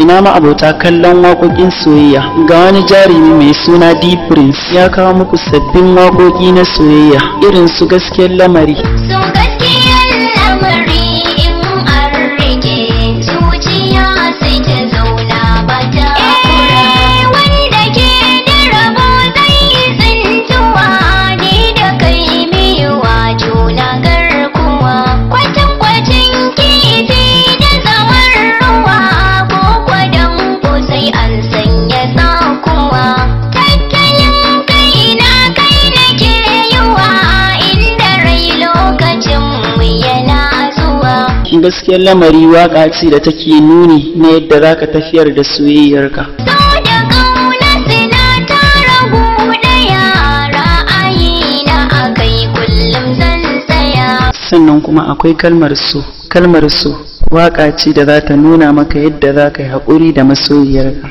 ina ma abota kallon waƙoƙin soyayya ga wani jarumi mai suna D Prince ya kawo muku sabbin waƙoƙi na soyayya irin su gaskiyar lamari. Gaskiya gaskiyar lamari waƙa ce da take nuni na yadda za ka tafiyar da soyayyarka. sannan kuma akwai kalmar so kalmar so waƙa ce da za ta nuna maka yadda za ka yi haƙuri da masoyiyarka.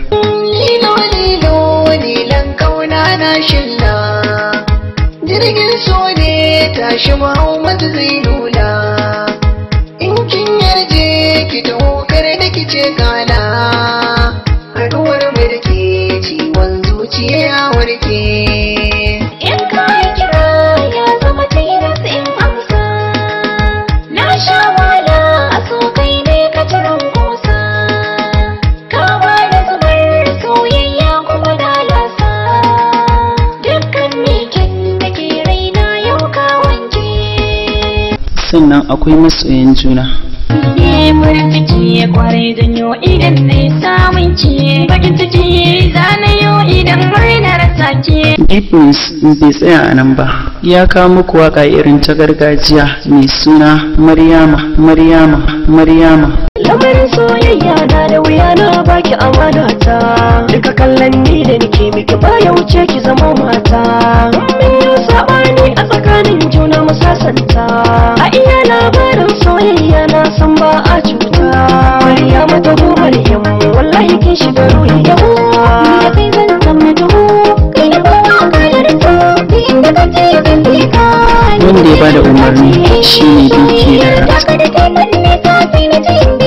jirgin so ne tashi ma'aumatu zai nuna shi aure in ka yi kira ya zama tilas in amsa na sha wala a so kai ne ka jiran kusa ka ba da zubar soyayya kuma na lasa dukkan mikin da ke raina yau ka wanke sannan akwai masoyan juna farin ciki ya kware janyo idan na samun ci bakin ciki zanayo ce bai tsaya a nan ba ya kawo muku waka irin ta gargajiya mai suna Maryama Maryama Maryama lamarin soyayya na da wuya na baki amana ta duka kallon ni da nike miki ya wuce ki zama mata mun yi sabani a tsakanin juna mu sasanta a iya labarin soyayya na san ba a cuta Maryama ta gomar yamma wallahi kin shiga wanda ya bada umarni shi ne duke da